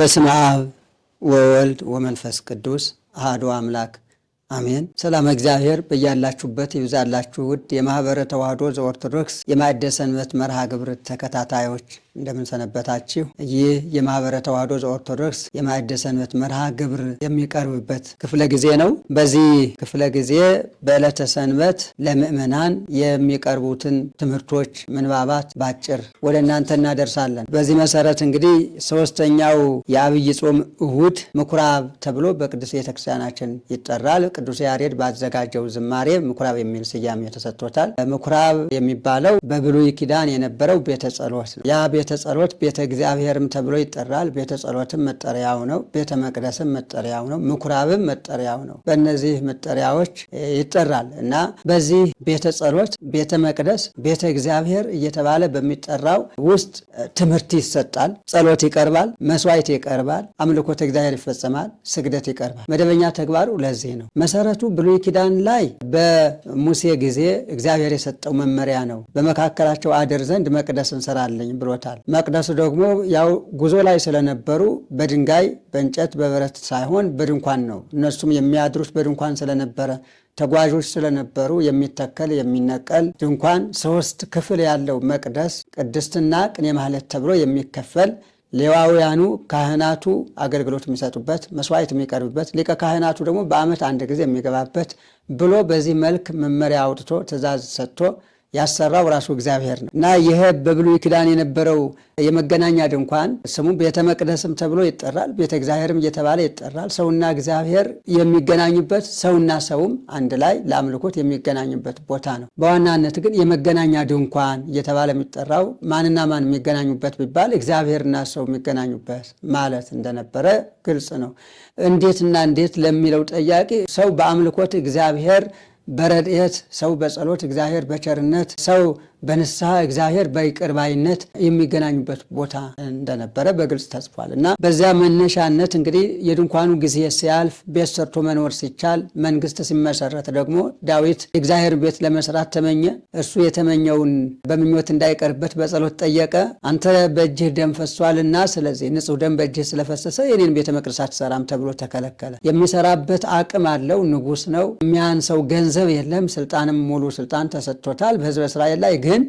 በስመ አብ ወወልድ ወመንፈስ ቅዱስ አህዶ አምላክ አሜን። ሰላም እግዚአብሔር በያላችሁበት ይብዛላችሁ። ውድ የማኅበረ ተዋህዶ ዘኦርቶዶክስ የማዕደ ሰንበት መርሃ ግብር ተከታታዮች እንደምንሰነበታችሁ ይህ የማህበረ ተዋህዶ ዘኦርቶዶክስ የማዕደ ሰንበት መርሃ ግብር የሚቀርብበት ክፍለ ጊዜ ነው። በዚህ ክፍለ ጊዜ በዕለተ ሰንበት ለምእመናን የሚቀርቡትን ትምህርቶች፣ ምንባባት ባጭር ወደ እናንተ እናደርሳለን። በዚህ መሰረት እንግዲህ ሶስተኛው የአብይ ጾም እሁድ ምኩራብ ተብሎ በቅዱስ ቤተክርስቲያናችን ይጠራል። ቅዱስ ያሬድ ባዘጋጀው ዝማሬ ምኩራብ የሚል ስያሜ ተሰጥቶታል። ምኩራብ የሚባለው በብሉይ ኪዳን የነበረው ቤተ ጸሎት ነው። ቤተ ጸሎት ቤተ እግዚአብሔርም ተብሎ ይጠራል። ቤተ ጸሎትም መጠሪያው ነው። ቤተ መቅደስም መጠሪያው ነው። ምኩራብም መጠሪያው ነው። በእነዚህ መጠሪያዎች ይጠራል እና በዚህ ቤተ ጸሎት፣ ቤተ መቅደስ፣ ቤተ እግዚአብሔር እየተባለ በሚጠራው ውስጥ ትምህርት ይሰጣል፣ ጸሎት ይቀርባል፣ መስዋዕት ይቀርባል፣ አምልኮተ እግዚአብሔር ይፈጸማል፣ ስግደት ይቀርባል። መደበኛ ተግባሩ ለዚህ ነው። መሰረቱ ብሉይ ኪዳን ላይ በሙሴ ጊዜ እግዚአብሔር የሰጠው መመሪያ ነው። በመካከላቸው አድር ዘንድ መቅደስ እንሰራለኝ ብሎታል። ይገኙበታል። መቅደሱ ደግሞ ያው ጉዞ ላይ ስለነበሩ በድንጋይ በእንጨት በብረት ሳይሆን በድንኳን ነው። እነሱም የሚያድሩት በድንኳን ስለነበረ ተጓዦች ስለነበሩ የሚተከል የሚነቀል ድንኳን ሶስት ክፍል ያለው መቅደስ ቅድስትና ቅኔ ማህሌት ተብሎ የሚከፈል ሌዋውያኑ ካህናቱ አገልግሎት የሚሰጡበት መስዋዕት የሚቀርብበት ሊቀ ካህናቱ ደግሞ በዓመት አንድ ጊዜ የሚገባበት ብሎ በዚህ መልክ መመሪያ አውጥቶ ትእዛዝ ሰጥቶ ያሰራው ራሱ እግዚአብሔር ነው እና ይህ በብሉይ ኪዳን የነበረው የመገናኛ ድንኳን ስሙ ቤተ መቅደስም ተብሎ ይጠራል። ቤተ እግዚአብሔርም እየተባለ ይጠራል። ሰውና እግዚአብሔር የሚገናኙበት ሰውና ሰውም አንድ ላይ ለአምልኮት የሚገናኙበት ቦታ ነው። በዋናነት ግን የመገናኛ ድንኳን እየተባለ የሚጠራው ማንና ማን የሚገናኙበት ቢባል እግዚአብሔርና ሰው የሚገናኙበት ማለት እንደነበረ ግልጽ ነው። እንዴትና እንዴት ለሚለው ጥያቄ ሰው በአምልኮት እግዚአብሔር በረድኤት ሰው በጸሎት እግዚአብሔር በቸርነት ሰው በንስሐ እግዚአብሔር በይቅር ባይነት የሚገናኙበት ቦታ እንደነበረ በግልጽ ተጽፏል እና በዚያ መነሻነት እንግዲህ የድንኳኑ ጊዜ ሲያልፍ ቤት ሰርቶ መኖር ሲቻል መንግስት ሲመሰረት ደግሞ ዳዊት የእግዚአብሔር ቤት ለመስራት ተመኘ። እሱ የተመኘውን በምኞት እንዳይቀርበት በጸሎት ጠየቀ። አንተ በእጅህ ደም ፈሷልና ስለዚህ ንጹህ ደም በእጅህ ስለፈሰሰ የኔን ቤተ መቅደስ አትሰራም ተብሎ ተከለከለ። የሚሰራበት አቅም አለው፣ ንጉስ ነው። የሚያንሰው ገንዘብ የለም፣ ስልጣንም ሙሉ ስልጣን ተሰጥቶታል። በህዝበ እስራኤል ላይ ግን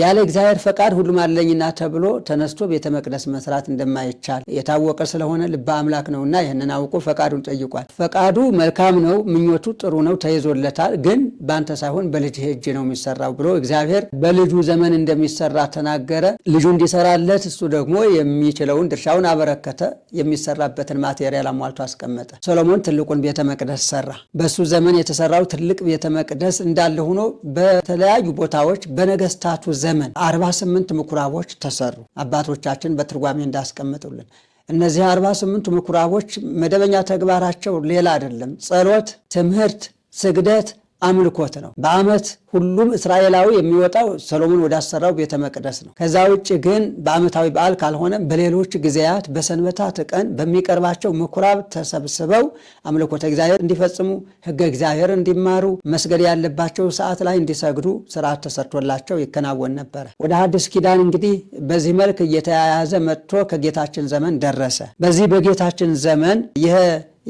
ያለ እግዚአብሔር ፈቃድ ሁሉም አለኝና ተብሎ ተነስቶ ቤተ መቅደስ መስራት እንደማይቻል የታወቀ ስለሆነ ልበ አምላክ ነውና ይህንን አውቆ ፈቃዱን ጠይቋል። ፈቃዱ መልካም ነው፣ ምኞቱ ጥሩ ነው፣ ተይዞለታል። ግን በአንተ ሳይሆን በልጅ እጅ ነው የሚሰራው ብሎ እግዚአብሔር በልጁ ዘመን እንደሚሰራ ተናገረ። ልጁ እንዲሰራለት እሱ ደግሞ የሚችለውን ድርሻውን አበረከተ። የሚሰራበትን ማቴሪያል አሟልቶ አስቀመጠ። ሰሎሞን ትልቁን ቤተ መቅደስ ሰራ። በእሱ ዘመን የተሰራው ትልቅ ቤተ መቅደስ እንዳለ ሆኖ በተለያዩ ቦታዎች በነገ በነገስታቱ ዘመን 48 ምኩራቦች ተሰሩ። አባቶቻችን በትርጓሜ እንዳስቀምጡልን እነዚህ 48 ምኩራቦች መደበኛ ተግባራቸው ሌላ አይደለም፤ ጸሎት፣ ትምህርት፣ ስግደት አምልኮት ነው። በዓመት ሁሉም እስራኤላዊ የሚወጣው ሰሎሞን ወዳሰራው ቤተ መቅደስ ነው። ከዛ ውጭ ግን በዓመታዊ በዓል ካልሆነ በሌሎች ጊዜያት በሰንበታት ቀን በሚቀርባቸው ምኩራብ ተሰብስበው አምልኮተ እግዚአብሔር እንዲፈጽሙ፣ ሕገ እግዚአብሔር እንዲማሩ፣ መስገድ ያለባቸው ሰዓት ላይ እንዲሰግዱ ስርዓት ተሰርቶላቸው ይከናወን ነበረ። ወደ ሐዲስ ኪዳን እንግዲህ በዚህ መልክ እየተያያዘ መጥቶ ከጌታችን ዘመን ደረሰ። በዚህ በጌታችን ዘመን ይህ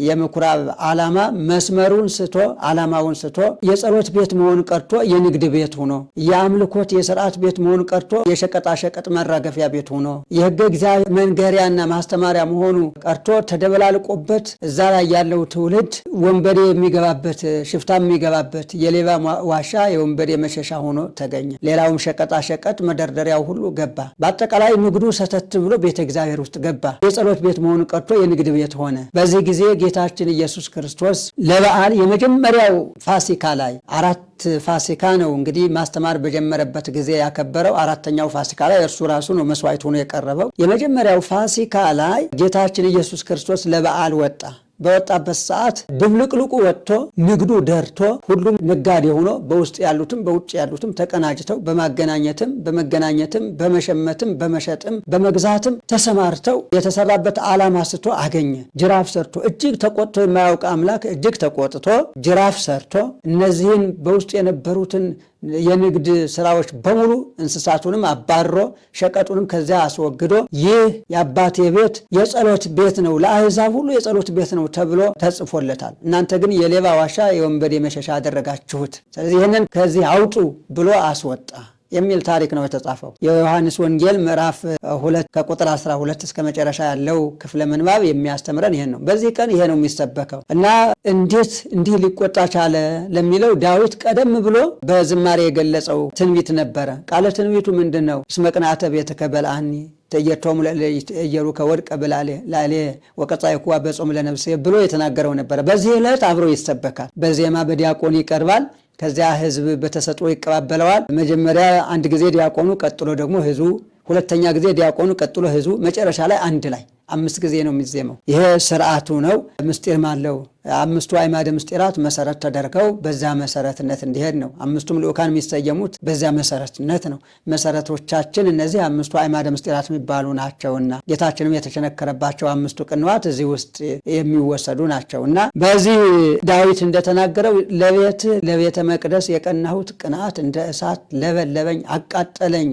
የምኩራብ ዓላማ መስመሩን ስቶ ዓላማውን ስቶ የጸሎት ቤት መሆን ቀርቶ የንግድ ቤት ሆኖ የአምልኮት የስርዓት ቤት መሆን ቀርቶ የሸቀጣሸቀጥ መራገፊያ ቤት ሆኖ የሕገ እግዚአብሔር መንገሪያና ማስተማሪያ መሆኑ ቀርቶ ተደበላልቆበት እዛ ላይ ያለው ትውልድ ወንበዴ የሚገባበት ሽፍታ የሚገባበት የሌባ ዋሻ የወንበዴ መሸሻ ሆኖ ተገኘ። ሌላውም ሸቀጣሸቀጥ መደርደሪያው ሁሉ ገባ። በአጠቃላይ ንግዱ ሰተት ብሎ ቤተ እግዚአብሔር ውስጥ ገባ። የጸሎት ቤት መሆኑ ቀርቶ የንግድ ቤት ሆነ። በዚህ ጊዜ ጌታችን ኢየሱስ ክርስቶስ ለበዓል የመጀመሪያው ፋሲካ ላይ አራት ፋሲካ ነው እንግዲህ ማስተማር በጀመረበት ጊዜ ያከበረው። አራተኛው ፋሲካ ላይ እርሱ ራሱ ነው መስዋዕት ሆኖ የቀረበው። የመጀመሪያው ፋሲካ ላይ ጌታችን ኢየሱስ ክርስቶስ ለበዓል ወጣ። በወጣበት ሰዓት ድብልቅልቁ ወጥቶ ንግዱ ደርቶ ሁሉም ነጋዴ ሆኖ በውስጥ ያሉትም በውጭ ያሉትም ተቀናጅተው በማገናኘትም በመገናኘትም በመሸመትም በመሸጥም በመግዛትም ተሰማርተው የተሰራበት ዓላማ ስቶ አገኘ። ጅራፍ ሰርቶ እጅግ ተቆጥቶ የማያውቅ አምላክ እጅግ ተቆጥቶ ጅራፍ ሰርቶ እነዚህን በውስጥ የነበሩትን የንግድ ስራዎች በሙሉ እንስሳቱንም አባሮ ሸቀጡንም ከዚያ አስወግዶ ይህ የአባቴ ቤት የጸሎት ቤት ነው፣ ለአሕዛብ ሁሉ የጸሎት ቤት ነው ተብሎ ተጽፎለታል። እናንተ ግን የሌባ ዋሻ፣ የወንበዴ መሸሻ አደረጋችሁት። ስለዚህ ይህንን ከዚህ አውጡ ብሎ አስወጣ። የሚል ታሪክ ነው የተጻፈው። የዮሐንስ ወንጌል ምዕራፍ ሁለት ከቁጥር 12 እስከ መጨረሻ ያለው ክፍለ ምንባብ የሚያስተምረን ይሄን ነው። በዚህ ቀን ይሄ ነው የሚሰበከው እና እንዴት እንዲህ ሊቆጣ ቻለ ለሚለው ዳዊት ቀደም ብሎ በዝማሬ የገለጸው ትንቢት ነበረ። ቃለ ትንቢቱ ምንድን ነው? እስመ ቅንዓተ ቤትከ ተየቶም ለየሩ ከወድቀ ብላሌ ላሌ ወቀጻ የኩዋ በጾም ለነብሴ ብሎ የተናገረው ነበረ። በዚህ ዕለት አብሮ ይሰበካል። በዜማ በዲያቆን ይቀርባል። ከዚያ ህዝብ በተሰጥኦ ይቀባበለዋል። መጀመሪያ አንድ ጊዜ ዲያቆኑ፣ ቀጥሎ ደግሞ ህዝቡ፣ ሁለተኛ ጊዜ ዲያቆኑ፣ ቀጥሎ ህዝቡ፣ መጨረሻ ላይ አንድ ላይ አምስት ጊዜ ነው የሚዜመው። ይሄ ስርዓቱ ነው። ምስጢርም አለው። አምስቱ አይማደ ምስጢራት መሰረት ተደርገው በዛ መሰረትነት እንዲሄድ ነው። አምስቱም ልኡካን የሚሰየሙት በዚያ መሰረትነት ነው። መሰረቶቻችን እነዚህ አምስቱ አይማደ ምስጢራት የሚባሉ ናቸውና ጌታችንም የተሸነከረባቸው አምስቱ ቅንዋት እዚህ ውስጥ የሚወሰዱ ናቸው እና በዚህ ዳዊት እንደተናገረው ለቤት ለቤተ መቅደስ የቀናሁት ቅንዓት እንደ እሳት ለበለበኝ፣ አቃጠለኝ።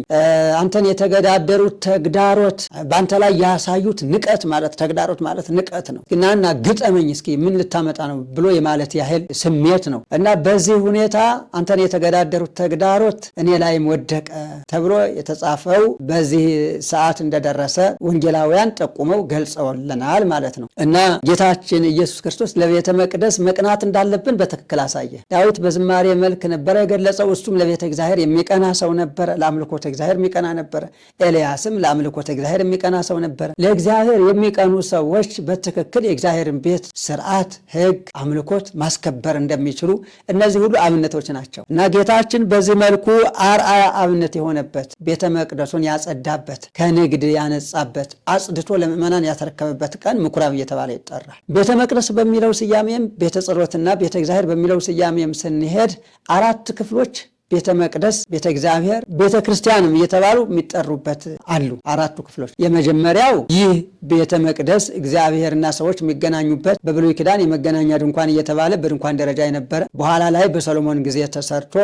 አንተን የተገዳደሩት ተግዳሮት፣ በአንተ ላይ ያሳዩት ንቅ ንቀት ማለት ተግዳሮት ማለት ንቀት ነው። ናና ግጠመኝ እስኪ ምን ልታመጣ ነው ብሎ የማለት ያህል ስሜት ነው እና በዚህ ሁኔታ አንተን የተገዳደሩት ተግዳሮት እኔ ላይም ወደቀ ተብሎ የተጻፈው በዚህ ሰዓት እንደደረሰ ወንጌላውያን ጠቁመው ገልጸውልናል ማለት ነው እና ጌታችን ኢየሱስ ክርስቶስ ለቤተ መቅደስ መቅናት እንዳለብን በትክክል አሳየ። ዳዊት በዝማሬ መልክ ነበረ የገለጸው። እሱም ለቤተ እግዚአብሔር የሚቀና ሰው ነበረ፣ ለአምልኮተ እግዚአብሔር የሚቀና ነበረ። ኤልያስም ለአምልኮተ እግዚአብሔር የሚቀና ሰው ነበረ። ለእግዚአብሔር እግዚአብሔር የሚቀኑ ሰዎች በትክክል የእግዚአብሔርን ቤት ስርዓት፣ ህግ አምልኮት ማስከበር እንደሚችሉ እነዚህ ሁሉ አብነቶች ናቸው እና ጌታችን በዚህ መልኩ አርአያ አብነት የሆነበት ቤተ መቅደሱን ያጸዳበት፣ ከንግድ ያነጻበት፣ አጽድቶ ለምእመናን ያተረከመበት ቀን ምኩራብ እየተባለ ይጠራል። ቤተ መቅደስ በሚለው ስያሜም ቤተ ጸሎትና ቤተ እግዚአብሔር በሚለው ስያሜም ስንሄድ አራት ክፍሎች ቤተ መቅደስ፣ ቤተ እግዚአብሔር፣ ቤተ ክርስቲያንም እየተባሉ የሚጠሩበት አሉ። አራቱ ክፍሎች የመጀመሪያው ይህ ቤተ መቅደስ እግዚአብሔርና ሰዎች የሚገናኙበት በብሉይ ኪዳን የመገናኛ ድንኳን እየተባለ በድንኳን ደረጃ የነበረ በኋላ ላይ በሰሎሞን ጊዜ ተሰርቶ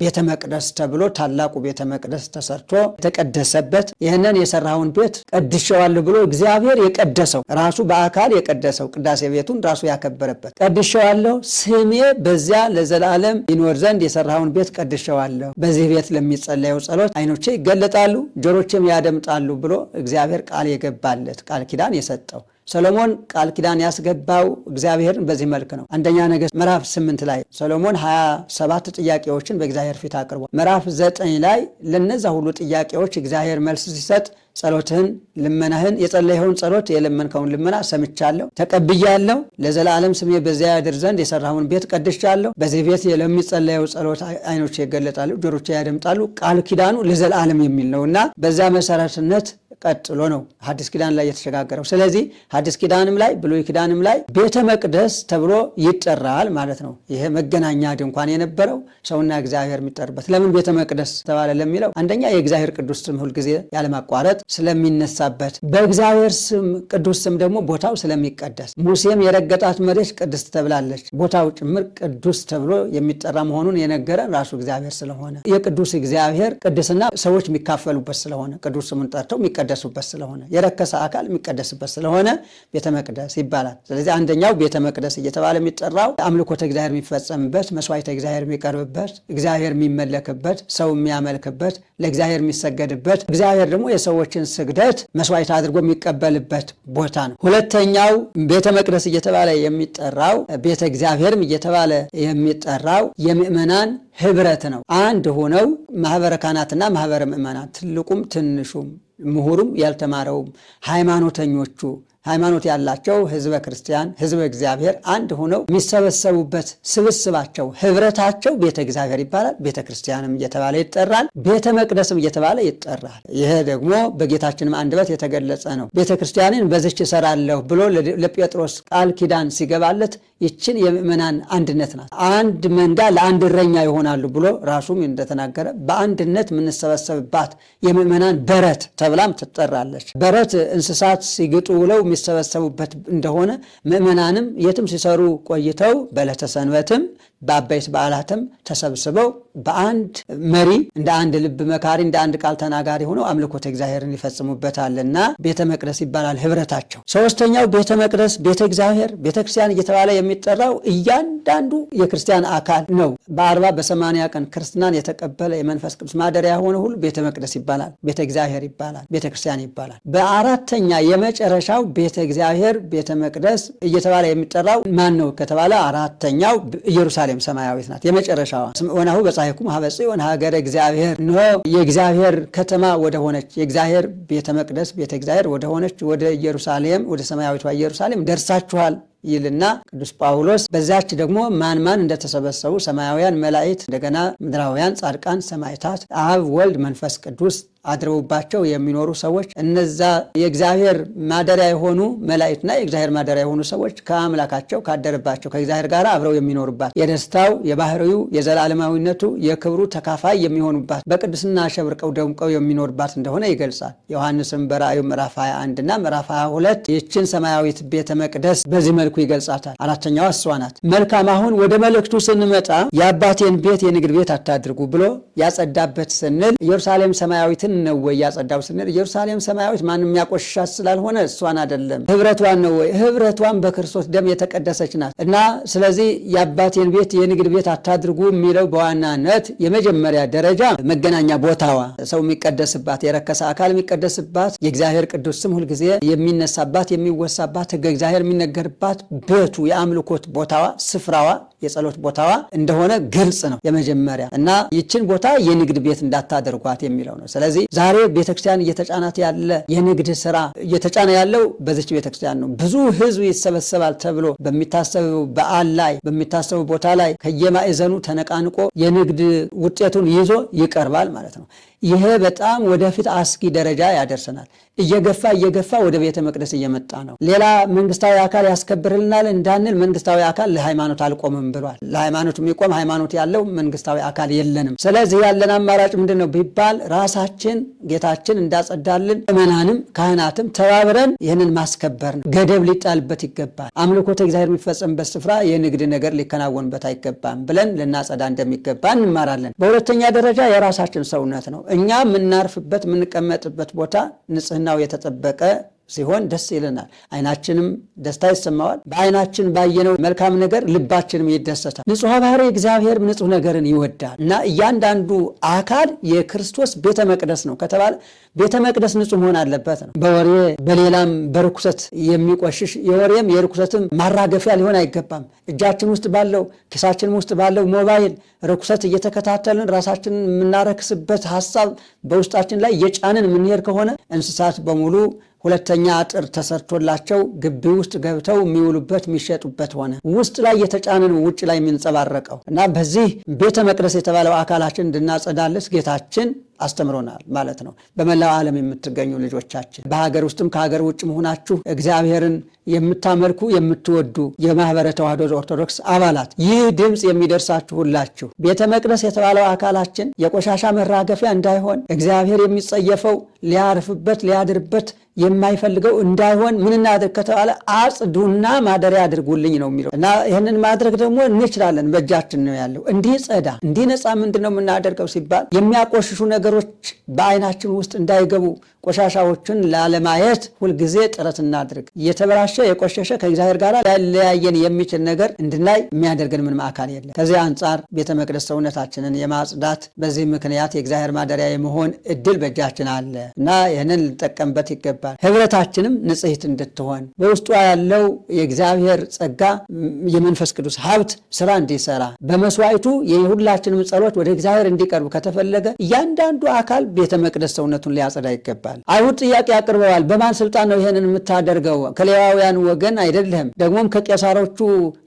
ቤተ መቅደስ ተብሎ ታላቁ ቤተ መቅደስ ተሰርቶ የተቀደሰበት ይህንን የሰራውን ቤት ቀድሸዋል ብሎ እግዚአብሔር የቀደሰው ራሱ በአካል የቀደሰው ቅዳሴ ቤቱን ራሱ ያከበረበት ቀድሸዋለሁ፣ ስሜ በዚያ ለዘላለም ይኖር ዘንድ የሰራውን ቤት ቀድሸዋለሁ፣ በዚህ ቤት ለሚጸለየው ጸሎት አይኖቼ ይገለጣሉ፣ ጆሮቼም ያደምጣሉ ብሎ እግዚአብሔር ቃል የገባለት ቃል ኪዳን የሰጠው ሰሎሞን ቃል ኪዳን ያስገባው እግዚአብሔርን በዚህ መልክ ነው። አንደኛ ነገሥት ምዕራፍ ስምንት ላይ ሰሎሞን ሀያ ሰባት ጥያቄዎችን በእግዚአብሔር ፊት አቅርቧል። ምዕራፍ ዘጠኝ ላይ ለነዛ ሁሉ ጥያቄዎች እግዚአብሔር መልስ ሲሰጥ ጸሎትህን፣ ልመናህን የጸለይኸውን ጸሎት የለመንከውን ልመና ሰምቻለሁ፣ ተቀብያለሁ። ለዘላለም ስሜ በዚያ ያድር ዘንድ የሰራውን ቤት ቀድሻለሁ። በዚህ ቤት ለሚጸለየው ጸሎት አይኖች ይገለጣሉ፣ ጆሮቼ ያደምጣሉ። ቃል ኪዳኑ ለዘላለም የሚል ነው እና በዚያ መሰረትነት ቀጥሎ ነው ሐዲስ ኪዳን ላይ የተሸጋገረው። ስለዚህ ሐዲስ ኪዳንም ላይ ብሉይ ኪዳንም ላይ ቤተ መቅደስ ተብሎ ይጠራል ማለት ነው። ይሄ መገናኛ ድንኳን የነበረው ሰውና እግዚአብሔር የሚጠርበት ለምን ቤተ መቅደስ ተባለ ለሚለው አንደኛ የእግዚአብሔር ቅዱስ ስም ሁልጊዜ ያለማቋረጥ ስለሚነሳበት፣ በእግዚአብሔር ስም ቅዱስ ስም ደግሞ ቦታው ስለሚቀደስ፣ ሙሴም የረገጣት መሬት ቅድስት ተብላለች። ቦታው ጭምር ቅዱስ ተብሎ የሚጠራ መሆኑን የነገረ ራሱ እግዚአብሔር ስለሆነ የቅዱስ እግዚአብሔር ቅድስና ሰዎች የሚካፈሉበት ስለሆነ ቅዱስ ስሙን ጠርተው የሚቀደስ የሚቀደሱበት ስለሆነ የረከሰ አካል የሚቀደስበት ስለሆነ ቤተ መቅደስ ይባላል። ስለዚህ አንደኛው ቤተ መቅደስ እየተባለ የሚጠራው አምልኮተ እግዚአብሔር የሚፈጸምበት፣ መስዋዕተ እግዚአብሔር የሚቀርብበት፣ እግዚአብሔር የሚመለክበት፣ ሰው የሚያመልክበት፣ ለእግዚአብሔር የሚሰገድበት፣ እግዚአብሔር ደግሞ የሰዎችን ስግደት መስዋዕት አድርጎ የሚቀበልበት ቦታ ነው። ሁለተኛው ቤተ መቅደስ እየተባለ የሚጠራው ቤተ እግዚአብሔርም እየተባለ የሚጠራው የምእመናን ህብረት ነው። አንድ ሆነው ማህበረ ካህናትና ማህበረ ምእመናን ትልቁም ትንሹም ምሁሩም ያልተማረውም ሃይማኖተኞቹ ሃይማኖት ያላቸው ህዝበ ክርስቲያን ህዝበ እግዚአብሔር አንድ ሆነው የሚሰበሰቡበት ስብስባቸው ህብረታቸው ቤተ እግዚአብሔር ይባላል። ቤተ ክርስቲያንም እየተባለ ይጠራል። ቤተ መቅደስም እየተባለ ይጠራል። ይሄ ደግሞ በጌታችንም አንደበት የተገለጸ ነው። ቤተ ክርስቲያንን በዚች እሰራለሁ ብሎ ለጴጥሮስ ቃል ኪዳን ሲገባለት ይችን የምእመናን አንድነት ናት። አንድ መንጋ ለአንድ እረኛ ይሆናሉ ብሎ ራሱም እንደተናገረ በአንድነት የምንሰበሰብባት የምእመናን በረት ተብላም ትጠራለች። በረት እንስሳት ሲግጡ ውለው የሚሰበሰቡበት እንደሆነ ምእመናንም የትም ሲሰሩ ቆይተው በዕለተ ሰንበትም በአበይት በዓላትም ተሰብስበው በአንድ መሪ እንደ አንድ ልብ መካሪ እንደ አንድ ቃል ተናጋሪ ሆነው አምልኮተ እግዚአብሔርን ይፈጽሙበታልና ቤተ መቅደስ ይባላል ህብረታቸው። ሶስተኛው ቤተ መቅደስ ቤተ እግዚአብሔር ቤተ ክርስቲያን እየተባለ የሚጠራው እያንዳንዱ የክርስቲያን አካል ነው። በአርባ በሰማንያ ቀን ክርስትናን የተቀበለ የመንፈስ ቅዱስ ማደሪያ የሆነ ሁሉ ቤተ መቅደስ ይባላል፣ ቤተ እግዚአብሔር ይባላል፣ ቤተ ክርስቲያን ይባላል። በአራተኛ የመጨረሻው ቤተ እግዚአብሔር ቤተ መቅደስ እየተባለ የሚጠራው ማን ነው ከተባለ አራተኛው ኢየሩሳሌም ሰማያዊት ናት። የመጨረሻዋ ወናሁ በፀሐይኩም ሀበ ሆነ ሀገረ እግዚአብሔር እንሆ የእግዚአብሔር ከተማ ወደ ሆነች የእግዚአብሔር ቤተ መቅደስ ቤተ እግዚአብሔር ወደ ሆነች ወደ ኢየሩሳሌም ወደ ሰማያዊቷ ኢየሩሳሌም ደርሳችኋል። ይልና ቅዱስ ጳውሎስ በዚያች ደግሞ ማን ማን እንደተሰበሰቡ ሰማያውያን መላእክት፣ እንደገና ምድራውያን ጻድቃን፣ ሰማዕታት፣ አብ ወልድ፣ መንፈስ ቅዱስ አድረውባቸው የሚኖሩ ሰዎች እነዛ የእግዚአብሔር ማደሪያ የሆኑ መላእክትና የእግዚአብሔር ማደሪያ የሆኑ ሰዎች ከአምላካቸው ካደረባቸው ከእግዚአብሔር ጋር አብረው የሚኖሩባት የደስታው የባህሪው የዘላለማዊነቱ የክብሩ ተካፋይ የሚሆኑባት በቅድስና አሸብርቀው ደምቀው የሚኖርባት እንደሆነ ይገልጻል። ዮሐንስም በራእዩ ምዕራፍ 21 እና ምዕራፍ 22 ይችን ሰማያዊት ቤተ መቅደስ በዚህ መልኩ መልኩ ይገልጻታል። አራተኛዋ እሷ ናት። መልካም። አሁን ወደ መልእክቱ ስንመጣ የአባቴን ቤት የንግድ ቤት አታድርጉ ብሎ ያጸዳበት ስንል ኢየሩሳሌም ሰማያዊትን ነው ወይ ያጸዳው ስንል ኢየሩሳሌም ሰማያዊት ማንም የሚያቆሻት ስላልሆነ እሷን አይደለም ህብረቷን ነው ወይ ህብረቷን በክርስቶስ ደም የተቀደሰች ናት እና ስለዚህ የአባቴን ቤት የንግድ ቤት አታድርጉ የሚለው በዋናነት የመጀመሪያ ደረጃ መገናኛ ቦታዋ ሰው የሚቀደስባት የረከሰ አካል የሚቀደስባት የእግዚአብሔር ቅዱስ ስም ሁልጊዜ የሚነሳባት የሚወሳባት ህገ እግዚአብሔር የሚነገርባት ቤቱ የአምልኮት ቦታዋ ስፍራዋ የጸሎት ቦታዋ እንደሆነ ግልጽ ነው የመጀመሪያ እና ይችን ቦታ የንግድ ቤት እንዳታደርጓት የሚለው ነው። ስለዚህ ዛሬ ቤተክርስቲያን እየተጫናት ያለ የንግድ ስራ እየተጫነ ያለው በዚች ቤተክርስቲያን ነው። ብዙ ህዝብ ይሰበሰባል ተብሎ በሚታሰበው በዓል ላይ በሚታሰበው ቦታ ላይ ከየማዕዘኑ ተነቃንቆ የንግድ ውጤቱን ይዞ ይቀርባል ማለት ነው። ይሄ በጣም ወደፊት አስጊ ደረጃ ያደርሰናል። እየገፋ እየገፋ ወደ ቤተ መቅደስ እየመጣ ነው። ሌላ መንግስታዊ አካል ያስከብርልናል እንዳንል መንግስታዊ አካል ለሃይማኖት አልቆምም ብሏል። ለሃይማኖት የሚቆም ሃይማኖት ያለው መንግስታዊ አካል የለንም። ስለዚህ ያለን አማራጭ ምንድን ነው ቢባል ራሳችን ጌታችን እንዳጸዳልን ምዕመናንም ካህናትም ተባብረን ይህንን ማስከበር ነው። ገደብ ሊጣልበት ይገባል። አምልኮተ እግዚአብሔር የሚፈጸምበት ስፍራ የንግድ ነገር ሊከናወንበት አይገባም ብለን ልናጸዳ እንደሚገባ እንማራለን። በሁለተኛ ደረጃ የራሳችን ሰውነት ነው። እኛ የምናርፍበት የምንቀመጥበት ቦታ ንጽህናው የተጠበቀ ሲሆን ደስ ይለናል። አይናችንም ደስታ ይሰማዋል። በአይናችን ባየነው መልካም ነገር ልባችንም ይደሰታል። ንጹሐ ባህሪ እግዚአብሔር ንጹሕ ነገርን ይወዳል እና እያንዳንዱ አካል የክርስቶስ ቤተ መቅደስ ነው ከተባለ ቤተ መቅደስ ንጹሕ መሆን አለበት ነው። በወሬ በሌላም በርኩሰት የሚቆሽሽ የወሬም የርኩሰትም ማራገፊያ ሊሆን አይገባም። እጃችን ውስጥ ባለው ኪሳችን ውስጥ ባለው ሞባይል ርኩሰት እየተከታተልን ራሳችንን የምናረክስበት ሀሳብ በውስጣችን ላይ እየጫንን የምንሄድ ከሆነ እንስሳት በሙሉ ሁለተኛ አጥር ተሰርቶላቸው ግቢ ውስጥ ገብተው የሚውሉበት የሚሸጡበት ሆነ። ውስጥ ላይ የተጫነ ውጭ ላይ የሚንጸባረቀው እና በዚህ ቤተ መቅደስ የተባለው አካላችን እንድናጸዳልስ ጌታችን አስተምሮናል ማለት ነው። በመላው ዓለም የምትገኙ ልጆቻችን በሀገር ውስጥም ከሀገር ውጭ መሆናችሁ እግዚአብሔርን የምታመልኩ የምትወዱ የማህበረ ተዋህዶ ኦርቶዶክስ አባላት ይህ ድምፅ የሚደርሳችሁ ሁላችሁ ቤተ መቅደስ የተባለው አካላችን የቆሻሻ መራገፊያ እንዳይሆን እግዚአብሔር የሚጸየፈው ሊያርፍበት ሊያድርበት የማይፈልገው እንዳይሆን ምን እናድርግ ከተባለ አጽዱና ማደሪያ አድርጉልኝ ነው የሚለው እና ይህንን ማድረግ ደግሞ እንችላለን፣ በእጃችን ነው ያለው። እንዲህ ጸዳ እንዲህ ነፃ ምንድን ነው የምናደርገው ሲባል የሚያቆሽሹ ነገ ነገሮች በአይናችን ውስጥ እንዳይገቡ ቆሻሻዎችን ላለማየት ሁልጊዜ ጥረት እናድርግ። የተበላሸ የቆሸሸ ከእግዚአብሔር ጋር ሊለያየን የሚችል ነገር እንድናይ የሚያደርገን ምንም አካል የለም። ከዚህ አንጻር ቤተ መቅደስ ሰውነታችንን የማጽዳት በዚህ ምክንያት የእግዚአብሔር ማደሪያ የመሆን እድል በእጃችን አለ እና ይህንን ልንጠቀምበት ይገባል። ህብረታችንም ንጽሕት እንድትሆን በውስጧ ያለው የእግዚአብሔር ጸጋ የመንፈስ ቅዱስ ሀብት ስራ እንዲሰራ በመስዋዕቱ የሁላችንም ጸሎት ወደ እግዚአብሔር እንዲቀርቡ ከተፈለገ እያንዳንዱ እያንዳንዱ አካል ቤተ መቅደስ ሰውነቱን ሊያጸዳ ይገባል። አይሁድ ጥያቄ አቅርበዋል። በማን ስልጣን ነው ይህንን የምታደርገው? ከሌዋውያን ወገን አይደለም፣ ደግሞም ከቄሳሮቹ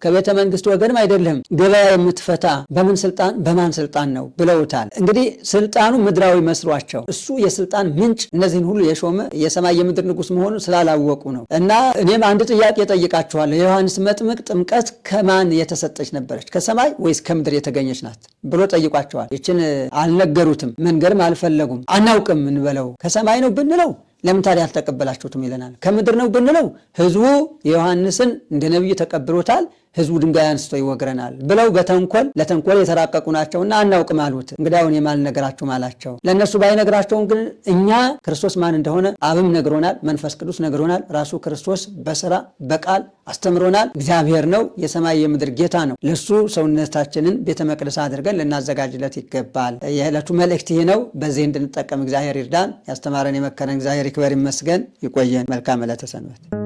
ከቤተ መንግስት ወገንም አይደለም። ገበያ የምትፈታ በምን ስልጣን በማን ስልጣን ነው ብለውታል። እንግዲህ ስልጣኑ ምድራዊ መስሏቸው እሱ የስልጣን ምንጭ እነዚህን ሁሉ የሾመ የሰማይ የምድር ንጉስ መሆኑን ስላላወቁ ነው። እና እኔም አንድ ጥያቄ ጠይቃችኋለሁ። የዮሐንስ መጥምቅ ጥምቀት ከማን የተሰጠች ነበረች? ከሰማይ ወይስ ከምድር የተገኘች ናት ብሎ ጠይቋቸዋል። ይችን አልነገሩትም መንገር ማወቅም አልፈለጉም። አናውቅም እንበለው። ከሰማይ ነው ብንለው ለምን ታዲያ አልተቀበላችሁትም ይለናል። ከምድር ነው ብንለው ህዝቡ የዮሐንስን እንደ ነቢይ ተቀብሎታል። ህዝቡ ድንጋይ አንስቶ ይወግረናል ብለው በተንኮል ለተንኮል የተራቀቁ ናቸውና አናውቅም አሉት። እንግዳውን የማልነገራችሁም አላቸው። ለእነሱ ባይነግራቸውም ግን እኛ ክርስቶስ ማን እንደሆነ አብም ነግሮናል፣ መንፈስ ቅዱስ ነግሮናል፣ ራሱ ክርስቶስ በስራ በቃል አስተምሮናል። እግዚአብሔር ነው፣ የሰማይ የምድር ጌታ ነው። ለሱ ሰውነታችንን ቤተ መቅደስ አድርገን ልናዘጋጅለት ይገባል። የዕለቱ መልእክት ይህ ነው። በዚህ እንድንጠቀም እግዚአብሔር ይርዳን። ያስተማረን የመከረን እግዚአብሔር ይክበር ይመስገን። ይቆየን። መልካም ዕለተ ሰንበት